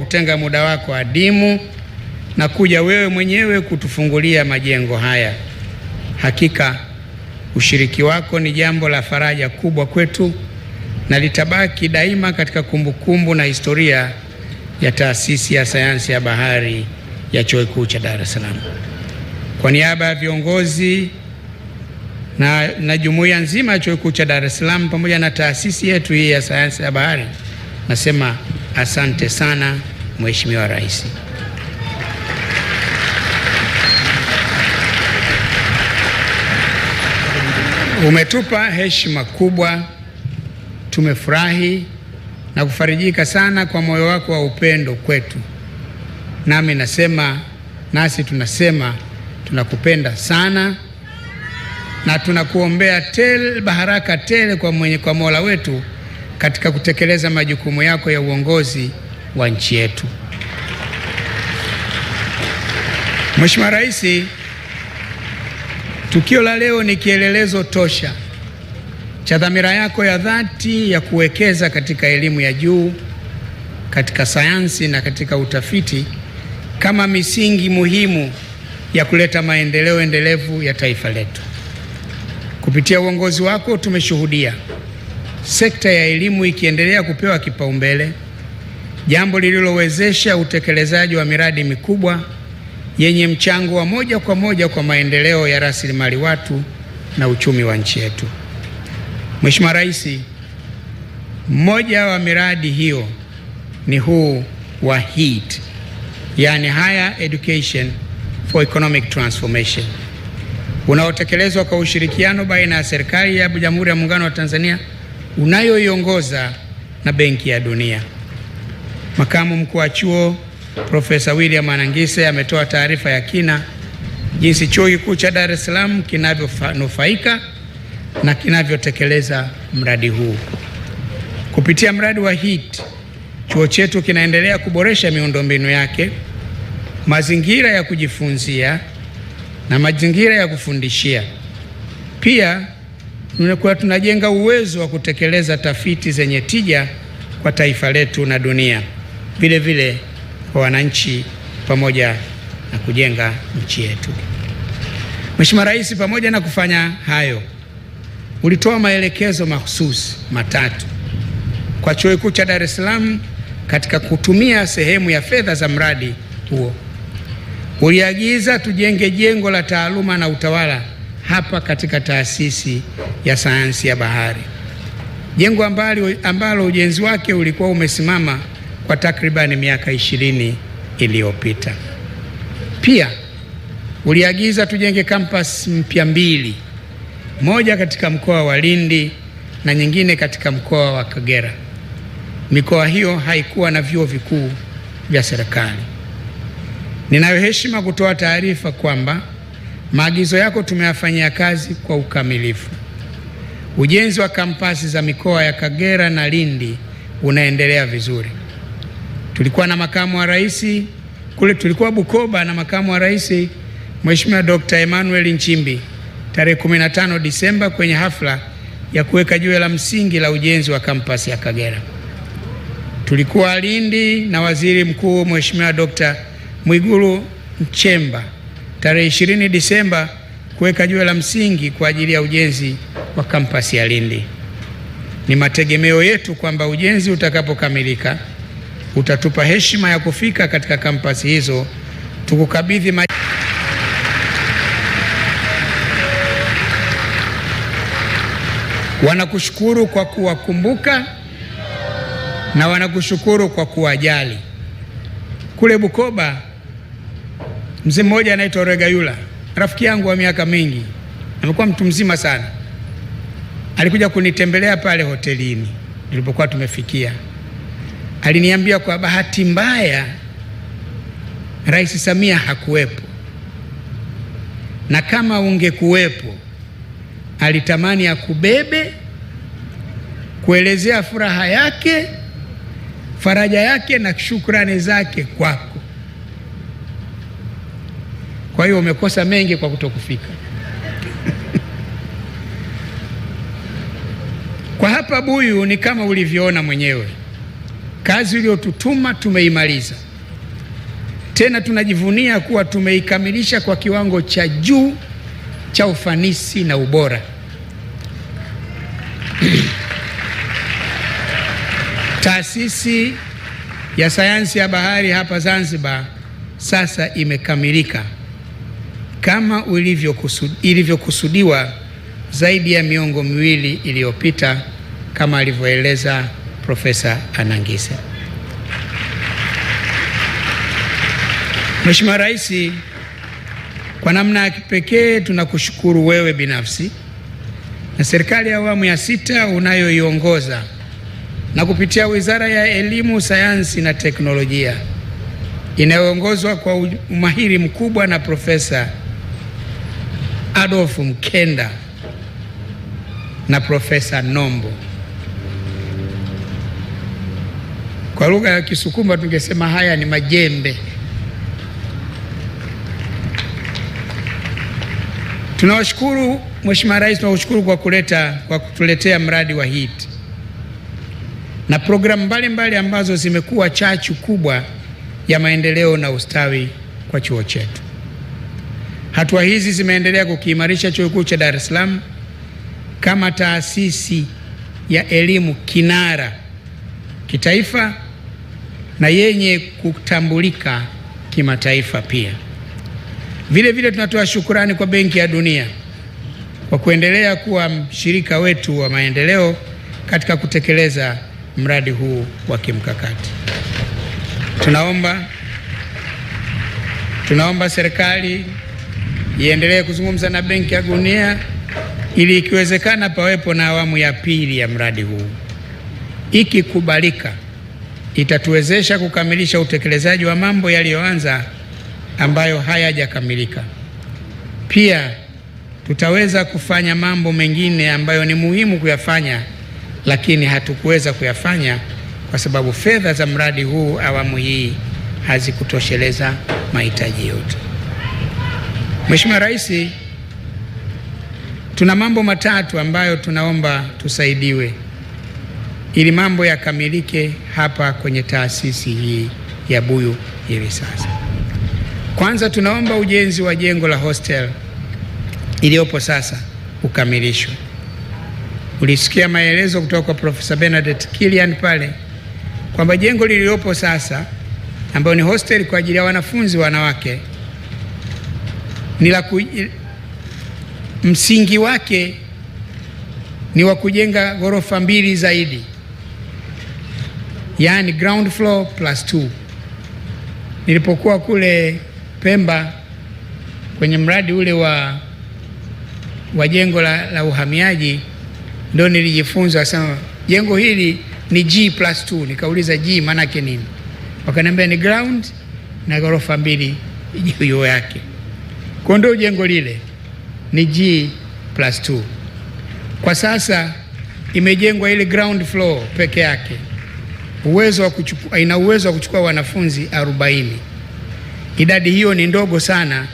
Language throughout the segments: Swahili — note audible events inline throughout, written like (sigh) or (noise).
kutenga muda wako adimu na kuja wewe mwenyewe kutufungulia majengo haya. Hakika ushiriki wako ni jambo la faraja kubwa kwetu na litabaki daima katika kumbukumbu kumbu na historia ya Taasisi ya Sayansi ya Bahari ya Chuo Kikuu cha Dar es Salaam. Kwa niaba ya viongozi na, na jumuiya nzima ya Chuo Kikuu cha Dar es Salaam pamoja na taasisi yetu hii ya Sayansi ya Bahari nasema asante sana. Mheshimiwa Rais. Umetupa heshima kubwa, tumefurahi na kufarijika sana kwa moyo wako wa upendo kwetu. Nami nasema nasi tunasema tunakupenda sana na tunakuombea tele, baraka tele kwa mwenye, kwa Mola wetu katika kutekeleza majukumu yako ya uongozi wa nchi yetu. Mheshimiwa Rais, tukio la leo ni kielelezo tosha cha dhamira yako ya dhati ya kuwekeza katika elimu ya juu, katika sayansi na katika utafiti kama misingi muhimu ya kuleta maendeleo endelevu ya taifa letu. Kupitia uongozi wako tumeshuhudia sekta ya elimu ikiendelea kupewa kipaumbele jambo lililowezesha utekelezaji wa miradi mikubwa yenye mchango wa moja kwa moja kwa maendeleo ya rasilimali watu na uchumi wa nchi yetu. Mheshimiwa Rais, mmoja wa miradi hiyo ni huu wa HEET, yani Higher Education for Economic Transformation unaotekelezwa kwa ushirikiano baina ya serikali ya Jamhuri ya Muungano wa Tanzania unayoiongoza na Benki ya Dunia. Makamu mkuu wa chuo Profesa William Anangise ametoa taarifa ya kina jinsi chuo kikuu cha Dar es Salaam kinavyonufaika na kinavyotekeleza mradi huu. Kupitia mradi wa HEET, chuo chetu kinaendelea kuboresha miundombinu yake, mazingira ya kujifunzia na mazingira ya kufundishia. Pia tunakuwa tunajenga uwezo wa kutekeleza tafiti zenye tija kwa taifa letu na dunia vile vile kwa wananchi pamoja na kujenga nchi yetu. Mheshimiwa Rais, pamoja na kufanya hayo, ulitoa maelekezo mahususi matatu kwa Chuo Kikuu cha Dar es Salaam katika kutumia sehemu ya fedha za mradi huo. Uliagiza tujenge jengo la taaluma na utawala hapa katika taasisi ya sayansi ya bahari, jengo ambalo, ambalo ujenzi wake ulikuwa umesimama kwa takribani miaka ishirini iliyopita. Pia uliagiza tujenge kampas mpya mbili, moja katika mkoa wa Lindi na nyingine katika mkoa wa Kagera. Mikoa hiyo haikuwa na vyuo vikuu vya serikali. Ninayo heshima kutoa taarifa kwamba maagizo yako tumeyafanyia kazi kwa ukamilifu. Ujenzi wa kampasi za mikoa ya Kagera na Lindi unaendelea vizuri tulikuwa na makamu wa rais kule, tulikuwa Bukoba na makamu wa rais Mheshimiwa Dr. Emmanuel Nchimbi tarehe 15 Disemba kwenye hafla ya kuweka jiwe la msingi la ujenzi wa kampasi ya Kagera. Tulikuwa Lindi na Waziri Mkuu Mheshimiwa Dr. Mwigulu Nchemba tarehe 20 Disemba kuweka jiwe la msingi kwa ajili ya ujenzi wa kampasi ya Lindi. Ni mategemeo yetu kwamba ujenzi utakapokamilika utatupa heshima ya kufika katika kampasi hizo, tukukabidhi ma... wanakushukuru kwa kuwakumbuka na wanakushukuru kwa kuwajali. Kule Bukoba, mzee mmoja anaitwa Regayula, rafiki yangu wa miaka mingi, amekuwa mtu mzima sana, alikuja kunitembelea pale hotelini ilipokuwa tumefikia Aliniambia kwa bahati mbaya Rais Samia hakuwepo, na kama ungekuwepo alitamani akubebe kuelezea furaha yake, faraja yake na shukrani zake kwako. Kwa hiyo umekosa mengi kwa kutokufika. (laughs) Kwa hapa Buyu ni kama ulivyoona mwenyewe. Kazi uliyotutuma tumeimaliza, tena tunajivunia kuwa tumeikamilisha kwa kiwango cha juu cha ufanisi na ubora. (clears throat) Taasisi ya sayansi ya bahari hapa Zanzibar sasa imekamilika kama ilivyokusudiwa zaidi ya miongo miwili iliyopita kama alivyoeleza Profesa Anangise. Mheshimiwa Rais, kwa namna ya kipekee tunakushukuru wewe binafsi na serikali ya awamu ya sita unayoiongoza na kupitia Wizara ya Elimu, Sayansi na Teknolojia inayoongozwa kwa umahiri mkubwa na Profesa Adolf Mkenda na Profesa Nombo. Kwa lugha ya Kisukuma tungesema haya ni majembe. Tunawashukuru Mheshimiwa Rais, tunawashukuru kwa kuleta kwa kutuletea mradi wa HEET na programu mbalimbali ambazo zimekuwa chachu kubwa ya maendeleo na ustawi kwa chuo chetu. Hatua hizi zimeendelea kukiimarisha Chuo Kikuu cha Dar es Salaam kama taasisi ya elimu kinara kitaifa na yenye kutambulika kimataifa. Pia vile vile tunatoa shukurani kwa Benki ya Dunia kwa kuendelea kuwa mshirika wetu wa maendeleo katika kutekeleza mradi huu wa kimkakati. Tunaomba, tunaomba serikali iendelee kuzungumza na Benki ya Dunia ili ikiwezekana pawepo na awamu ya pili ya mradi huu. Ikikubalika itatuwezesha kukamilisha utekelezaji wa mambo yaliyoanza ambayo hayajakamilika. Pia tutaweza kufanya mambo mengine ambayo ni muhimu kuyafanya, lakini hatukuweza kuyafanya kwa sababu fedha za mradi huu awamu hii hazikutosheleza mahitaji yote. Mheshimiwa Rais, tuna mambo matatu ambayo tunaomba tusaidiwe ili mambo yakamilike hapa kwenye taasisi hii ya Buyu hivi sasa. Kwanza tunaomba ujenzi wa jengo la hostel iliyopo sasa ukamilishwe. Ulisikia maelezo kutoka kwa Profesa Bernadette Kilian pale kwamba jengo lililopo sasa ambayo ni hostel kwa ajili ya wanafunzi wanawake ni la ku... msingi wake ni wa kujenga ghorofa mbili zaidi yani ground floor plus 2. Nilipokuwa kule Pemba kwenye mradi ule wa, wa jengo la, la uhamiaji ndo nilijifunza sana jengo hili ni G plus 2. Nikauliza G maana yake nini? Wakaniambia ni ground na ghorofa mbili juu yake. Kwa ndio jengo lile ni G plus 2. Kwa sasa imejengwa ile ground floor peke yake uwezo wa kuchukua, ina uwezo wa kuchukua wanafunzi 40. Idadi hiyo ni ndogo sana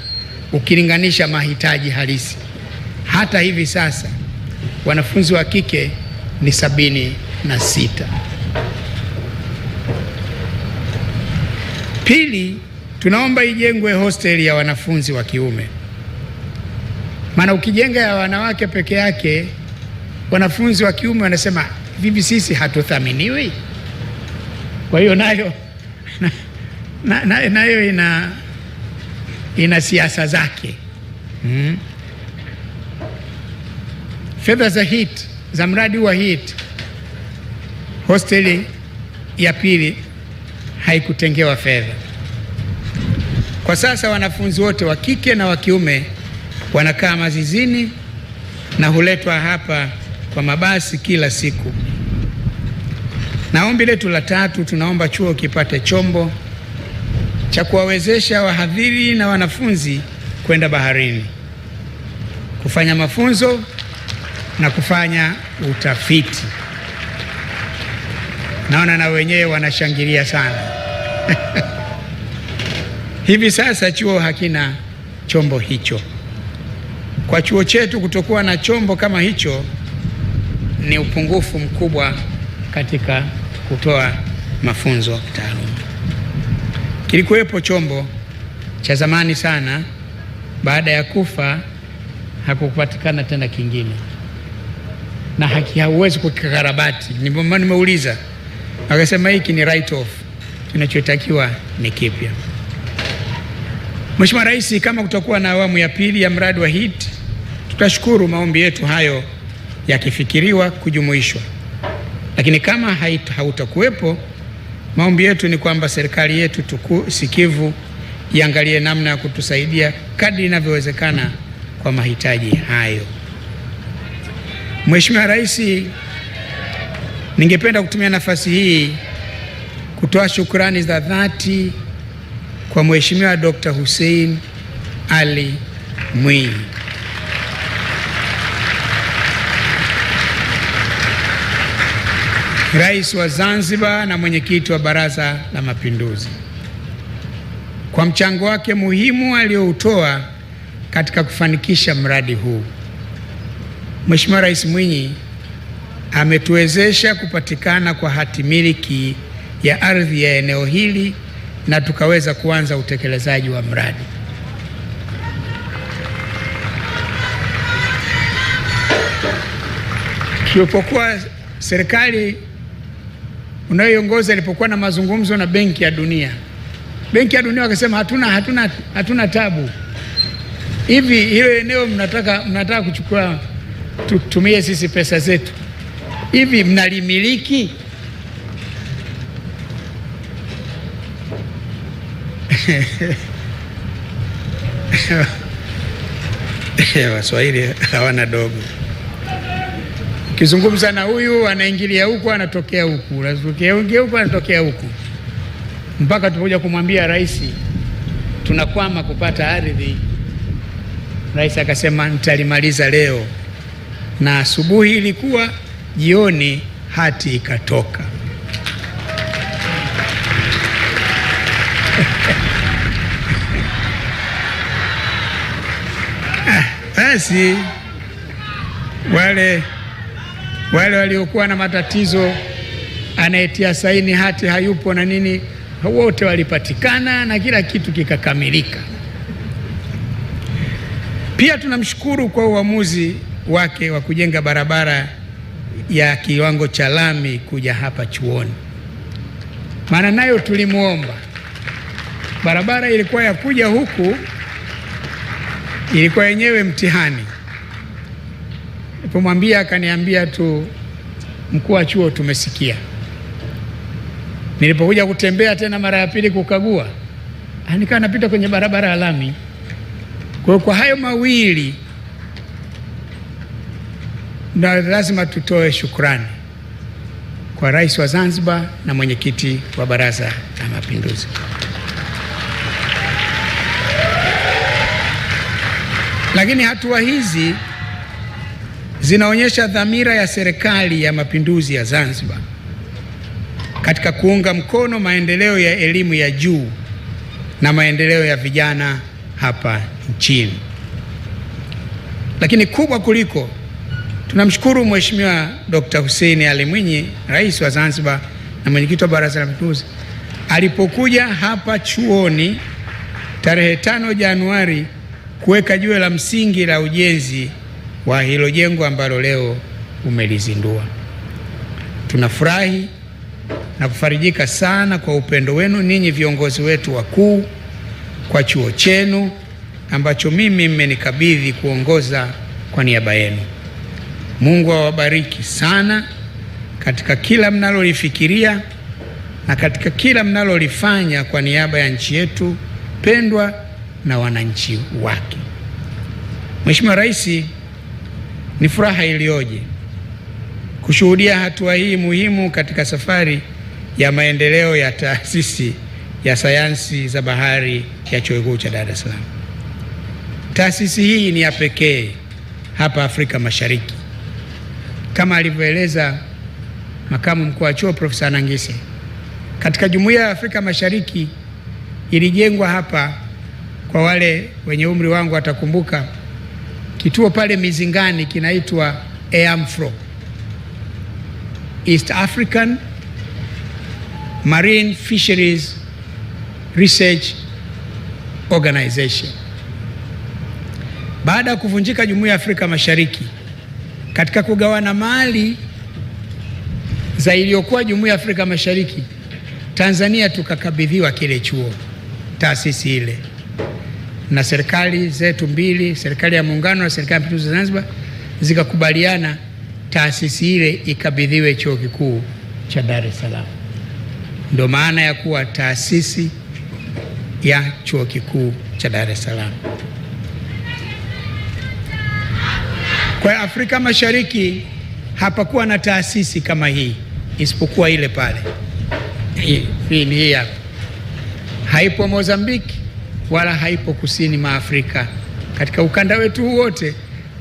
ukilinganisha mahitaji halisi. Hata hivi sasa wanafunzi wa kike ni sabini na sita. Pili, tunaomba ijengwe hosteli ya wanafunzi wa kiume, maana ukijenga ya wanawake peke yake, wanafunzi wa kiume wanasema vipi, sisi hatuthaminiwi? Kwa hiyo nayo na, na, nayo ina, ina siasa zake hmm. Fedha za HEET za mradi wa HEET hosteli ya pili haikutengewa fedha. Kwa sasa wanafunzi wote wa kike na wa kiume wanakaa mazizini na huletwa hapa kwa mabasi kila siku. Na ombi letu la tatu, tunaomba chuo kipate chombo cha kuwawezesha wahadhiri na wanafunzi kwenda baharini kufanya mafunzo na kufanya utafiti. Naona na wenyewe wanashangilia sana. (laughs) Hivi sasa chuo hakina chombo hicho. Kwa chuo chetu kutokuwa na chombo kama hicho ni upungufu mkubwa katika kutoa mafunzo kitaaluma. Kilikuwepo chombo cha zamani sana, baada ya kufa hakupatikana tena kingine, na hakihauwezi hauwezi kukikarabati. Nimeuliza, akasema hiki ni right off, kinachotakiwa ni kipya. Mheshimiwa Rais, kama kutakuwa na awamu ya pili ya mradi wa HEET tutashukuru maombi yetu hayo yakifikiriwa kujumuishwa. Lakini kama hautakuwepo, maombi yetu ni kwamba serikali yetu tuku, sikivu iangalie namna ya kutusaidia kadri inavyowezekana kwa mahitaji hayo. Mheshimiwa Rais, ningependa kutumia nafasi hii kutoa shukrani za dhati kwa Mheshimiwa Dr. Hussein Ali Mwinyi. Rais wa Zanzibar na mwenyekiti wa Baraza la Mapinduzi kwa mchango wake muhimu aliyoutoa katika kufanikisha mradi huu. Mheshimiwa Rais Mwinyi ametuwezesha kupatikana kwa hati miliki ya ardhi ya eneo hili na tukaweza kuanza utekelezaji wa mradi. Tulipokuwa serikali unayoongoza ilipokuwa na mazungumzo na Benki ya Dunia. Benki ya Dunia wakasema hatuna, hatuna, hatuna tabu. Hivi hilo eneo mnataka, mnataka kuchukua tutumie sisi pesa zetu, hivi mnalimiliki? (laughs) Waswahili hawana dogo kizungumza na huyu anaingilia huku anatokea huku, ingia huku anatokea huku, mpaka tukuja kumwambia rais tunakwama kupata ardhi. Rais akasema nitalimaliza leo, na asubuhi ilikuwa, jioni hati ikatoka. (laughs) Basi wale wale waliokuwa na matatizo, anayetia saini hati hayupo na nini, wote walipatikana na kila kitu kikakamilika. Pia tunamshukuru kwa uamuzi wake wa kujenga barabara ya kiwango cha lami kuja hapa chuoni, maana nayo tulimwomba. Barabara ilikuwa ya kuja huku ilikuwa yenyewe mtihani. Nilipomwambia akaniambia tu, mkuu wa chuo, tumesikia. Nilipokuja kutembea tena mara ya pili kukagua, nikawa napita kwenye barabara ya lami. Kwa hiyo kwa hayo mawili na lazima tutoe shukrani kwa Rais wa Zanzibar na mwenyekiti wa Baraza la Mapinduzi. Lakini hatua hizi zinaonyesha dhamira ya Serikali ya Mapinduzi ya Zanzibar katika kuunga mkono maendeleo ya elimu ya juu na maendeleo ya vijana hapa nchini. Lakini kubwa kuliko, tunamshukuru Mheshimiwa Dkt. Hussein Ali Mwinyi, Rais wa Zanzibar na mwenyekiti wa Baraza la Mapinduzi, alipokuja hapa chuoni tarehe tano Januari kuweka jiwe la msingi la ujenzi wa hilo jengo ambalo leo umelizindua. Tunafurahi na kufarijika sana kwa upendo wenu ninyi viongozi wetu wakuu, kwa chuo chenu ambacho mimi mmenikabidhi kuongoza kwa niaba yenu. Mungu awabariki sana katika kila mnalolifikiria na katika kila mnalolifanya kwa niaba ya nchi yetu pendwa na wananchi wake. Mheshimiwa raisi ni furaha iliyoje kushuhudia hatua hii muhimu katika safari ya maendeleo ya taasisi ya sayansi za bahari ya Chuo Kikuu cha Dar es Salaam. Taasisi hii ni ya pekee hapa Afrika Mashariki, kama alivyoeleza makamu mkuu wa chuo Profesa Nangise, katika jumuiya ya Afrika Mashariki ilijengwa hapa. Kwa wale wenye umri wangu watakumbuka Kituo pale Mizingani kinaitwa EAMFRO, East African Marine Fisheries Research Organization. Baada ya kuvunjika Jumuiya ya Afrika Mashariki katika kugawana mali za iliyokuwa Jumuiya ya Afrika Mashariki, Tanzania tukakabidhiwa kile chuo, taasisi ile na serikali zetu mbili, serikali ya muungano na serikali ya mapinduzi Zanzibar, zikakubaliana taasisi ile ikabidhiwe chuo kikuu cha Dar es Salaam. Ndio maana ya kuwa taasisi ya chuo kikuu cha Dar es Salaam. Kwa Afrika Mashariki hapakuwa na taasisi kama hii isipokuwa ile pale hii hii hapa. Haipo Mozambiki wala haipo kusini mwa Afrika. Katika ukanda wetu wote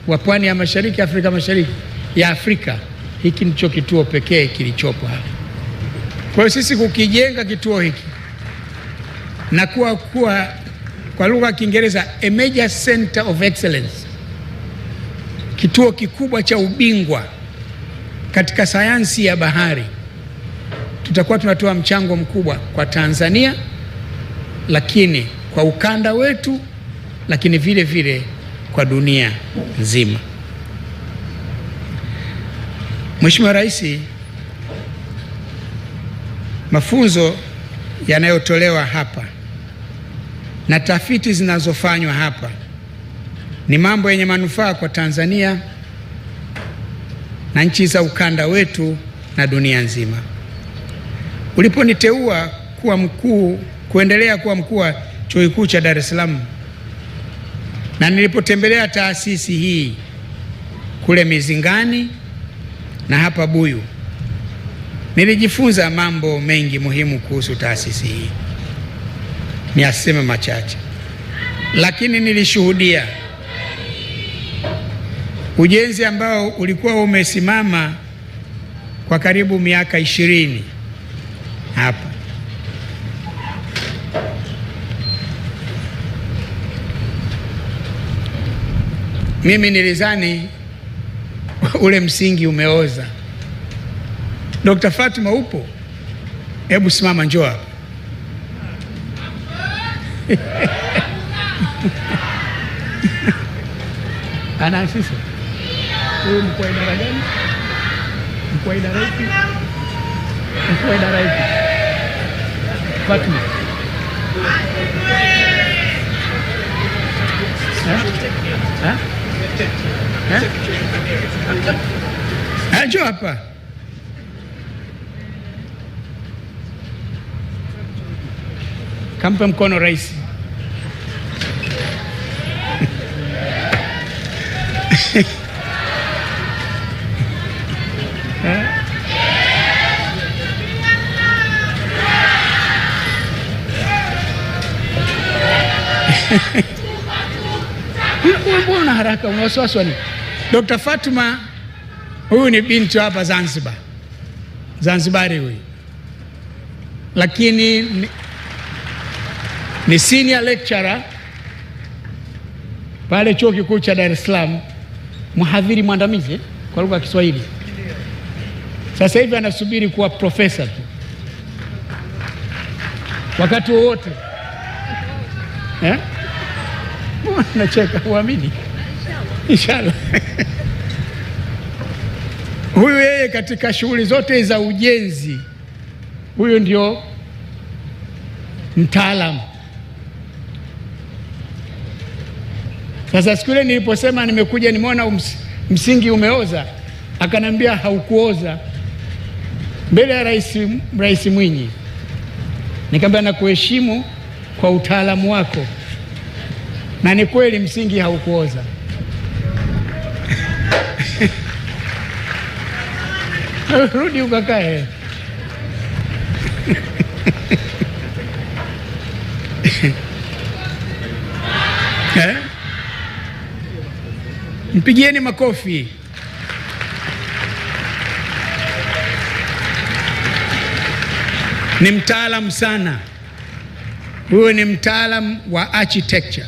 wa pwani ya mashariki, Afrika Mashariki ya Afrika, hiki ndicho kituo pekee kilichopo hapa. Kwa hiyo sisi kukijenga kituo hiki na kuwa kuwa kwa lugha ya Kiingereza a major center of excellence, kituo kikubwa cha ubingwa katika sayansi ya bahari, tutakuwa tunatoa mchango mkubwa kwa Tanzania, lakini kwa ukanda wetu, lakini vile vile kwa dunia nzima. Mheshimiwa Rais, mafunzo yanayotolewa hapa na tafiti zinazofanywa hapa ni mambo yenye manufaa kwa Tanzania na nchi za ukanda wetu na dunia nzima. Uliponiteua kuwa mkuu kuendelea kuwa mkuu wa Chuo Kikuu cha Dar es Salaam, na nilipotembelea taasisi hii kule Mizingani na hapa Buyu, nilijifunza mambo mengi muhimu kuhusu taasisi hii, ni aseme machache, lakini nilishuhudia ujenzi ambao ulikuwa umesimama kwa karibu miaka ishirini hapa Mimi nilizani ule msingi umeoza. Dokta Fatuma upo? Hebu simama, njoo hapa. (laughs) Anaasisa huyu mkuu wa idara gani? Mkuu wa idara ipi? Mkuu wa idara ipi? Fatuma ha? Ha? Hã? Hã, Jopa? Kampa mkono rais. (laughs) Sema mbona haraka una ni Dr. Fatuma huyu ni binti hapa Zanzibar, Zanzibari huyu, lakini ni, ni senior lecturer pale chuo kikuu cha Dar es Salaam, mhadhiri mwandamizi eh, kwa lugha ya Kiswahili. Sasa hivi anasubiri kuwa profesa tu wakati wowote eh? (laughs) nacheka, uamini Inshallah. (laughs) Huyu yeye katika shughuli zote za ujenzi, huyu ndio mtaalamu. Sasa siku ile niliposema nimekuja nimeona ums, msingi umeoza, akanambia haukuoza, mbele ya rais, Rais Mwinyi. Nikamwambia nakuheshimu kwa utaalamu wako na ni kweli msingi haukuoza. (laughs) Rudi ukakae. (laughs) Eh? Mpigieni makofi. Ni mtaalamu sana. Huyu ni mtaalamu wa architecture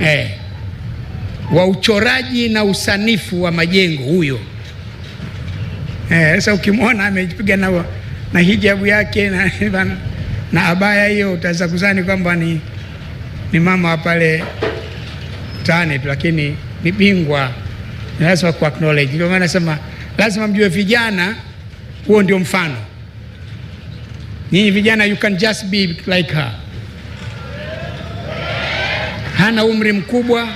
eh, wa uchoraji na usanifu wa majengo huyo. Eh, sasa eh, ukimwona amejipiga na, na hijabu yake na, (laughs) na abaya hiyo utaweza kuzani kwamba ni, ni mama pale tane tu, lakini ni bingwa. Lazima ku acknowledge. Ndio maana nasema lazima mjue vijana, huo ndio mfano. Nyinyi vijana, you can just be like her hana umri mkubwa,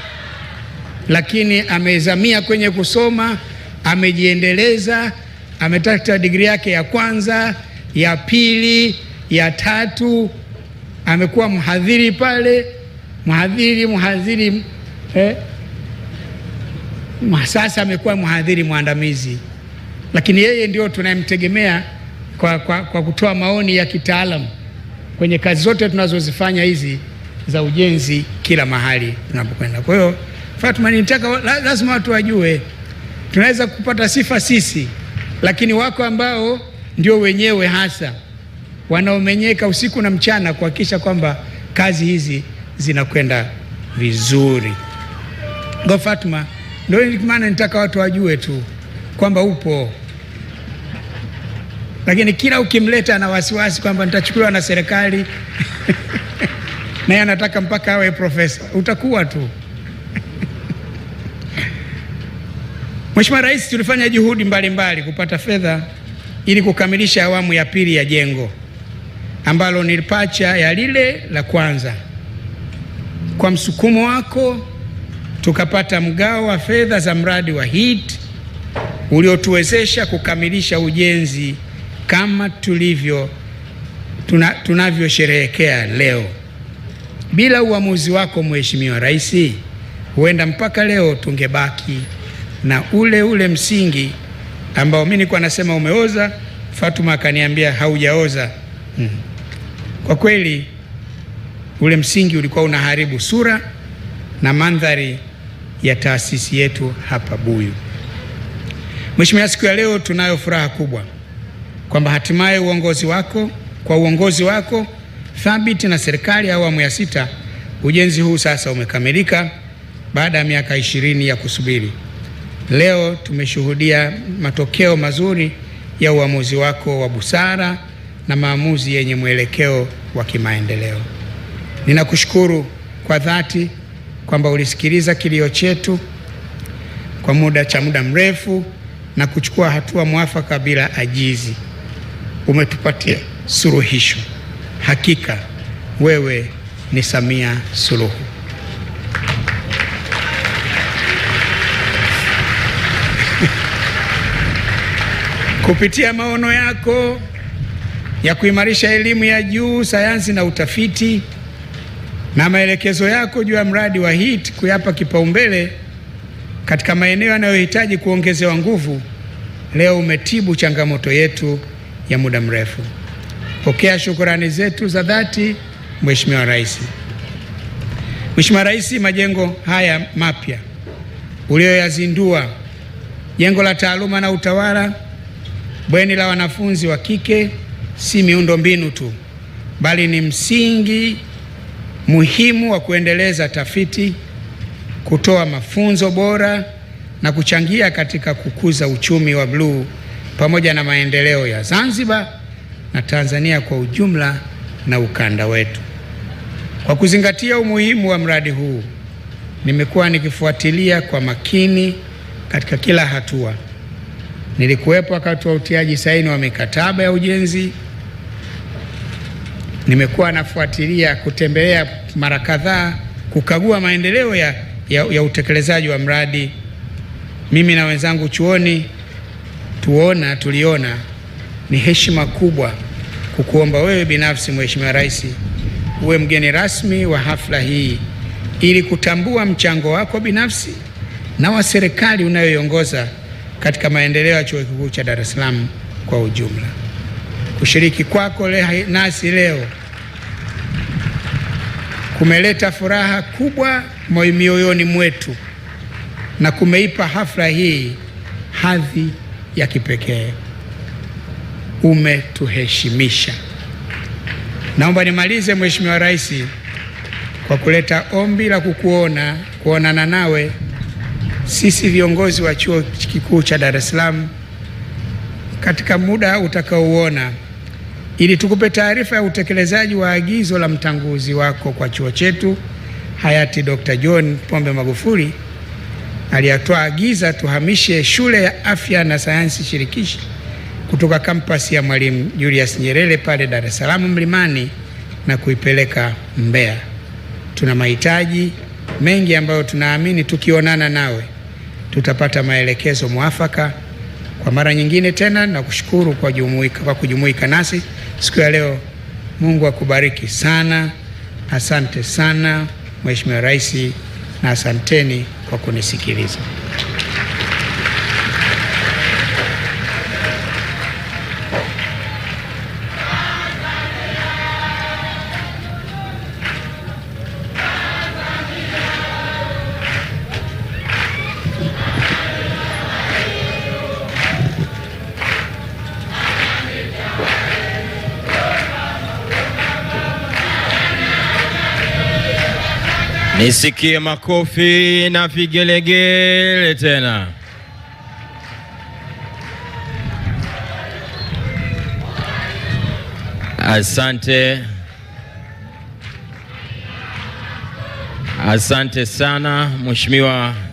lakini amezamia kwenye kusoma, amejiendeleza, ametafuta digrii yake ya kwanza, ya pili, ya tatu, amekuwa mhadhiri pale, mhadhiri mhadhiri eh? Sasa amekuwa mhadhiri mwandamizi, lakini yeye ndio tunayemtegemea kwa, kwa, kwa kutoa maoni ya kitaalamu kwenye kazi zote tunazozifanya hizi za ujenzi kila mahali tunapokwenda. Kwa hiyo Fatma, nitaka lazima watu wajue, tunaweza kupata sifa sisi, lakini wako ambao ndio wenyewe hasa wanaomenyeka usiku na mchana kuhakikisha kwamba kazi hizi zinakwenda vizuri. Ngo Fatma, ndio maana nitaka watu wajue tu kwamba upo, lakini kila ukimleta na wasiwasi kwamba nitachukuliwa na serikali (laughs) naye anataka mpaka awe profesa, utakuwa tu. (laughs) Mheshimiwa Rais, tulifanya juhudi mbalimbali mbali kupata fedha ili kukamilisha awamu ya pili ya jengo ambalo ni pacha ya lile la kwanza. Kwa msukumo wako tukapata mgao wa fedha za mradi wa HEET uliotuwezesha kukamilisha ujenzi kama tulivyo tuna, tunavyosherehekea leo. Bila uamuzi wako Mheshimiwa Rais, huenda mpaka leo tungebaki na ule ule msingi ambao mimi nilikuwa nasema umeoza, Fatuma akaniambia haujaoza. Hmm. Kwa kweli ule msingi ulikuwa unaharibu sura na mandhari ya taasisi yetu hapa Buyu. Mheshimiwa, siku ya leo tunayo furaha kubwa kwamba hatimaye uongozi wako kwa uongozi wako thabiti na serikali ya awamu ya sita, ujenzi huu sasa umekamilika baada ya miaka ishirini ya kusubiri. Leo tumeshuhudia matokeo mazuri ya uamuzi wako wa busara na maamuzi yenye mwelekeo wa kimaendeleo. Ninakushukuru kwa dhati kwamba ulisikiliza kilio chetu kwa muda cha muda mrefu na kuchukua hatua mwafaka bila ajizi. Umetupatia suluhisho hakika wewe ni Samia Suluhu. (laughs) Kupitia maono yako ya kuimarisha elimu ya juu, sayansi na utafiti na maelekezo yako juu ya mradi wa HEET kuyapa kipaumbele katika maeneo yanayohitaji kuongezewa nguvu, leo umetibu changamoto yetu ya muda mrefu. Pokea shukurani zetu za dhati Mheshimiwa Rais. Mheshimiwa Rais, majengo haya mapya uliyoyazindua, jengo la taaluma na utawala, bweni la wanafunzi wa kike, si miundo mbinu tu, bali ni msingi muhimu wa kuendeleza tafiti, kutoa mafunzo bora na kuchangia katika kukuza uchumi wa bluu pamoja na maendeleo ya Zanzibar na Tanzania kwa ujumla na ukanda wetu. Kwa kuzingatia umuhimu wa mradi huu, nimekuwa nikifuatilia kwa makini katika kila hatua. Nilikuwepo wakati wa utiaji saini wa mikataba ya ujenzi. Nimekuwa nafuatilia kutembelea mara kadhaa kukagua maendeleo ya, ya, ya utekelezaji wa mradi. Mimi na wenzangu chuoni tuona tuliona ni heshima kubwa kukuomba wewe binafsi, Mheshimiwa Rais, uwe mgeni rasmi wa hafla hii ili kutambua mchango wako binafsi na wa serikali unayoiongoza katika maendeleo ya Chuo Kikuu cha Dar es Salaam kwa ujumla. Kushiriki kwako le, nasi leo kumeleta furaha kubwa mioyoni mwetu na kumeipa hafla hii hadhi ya kipekee umetuheshimisha. Naomba nimalize, Mheshimiwa Rais, kwa kuleta ombi la kukuona kuonana nawe sisi viongozi wa Chuo Kikuu cha Dar es Salaam katika muda utakaouona ili tukupe taarifa ya utekelezaji wa agizo la mtanguzi wako kwa chuo chetu hayati Dr. John Pombe Magufuli aliyetoa agiza tuhamishe shule ya afya na sayansi shirikishi kutoka kampasi ya Mwalimu Julius Nyerere pale Dar es Salaam Mlimani na kuipeleka Mbeya. Tuna mahitaji mengi ambayo tunaamini tukionana nawe tutapata maelekezo mwafaka. Kwa mara nyingine tena nakushukuru kwa jumuika, kwa kujumuika nasi siku ya leo. Mungu akubariki sana. Asante sana Mheshimiwa Rais na asanteni kwa kunisikiliza. Nisikie makofi na vigelegele tena. Asante, asante sana mheshimiwa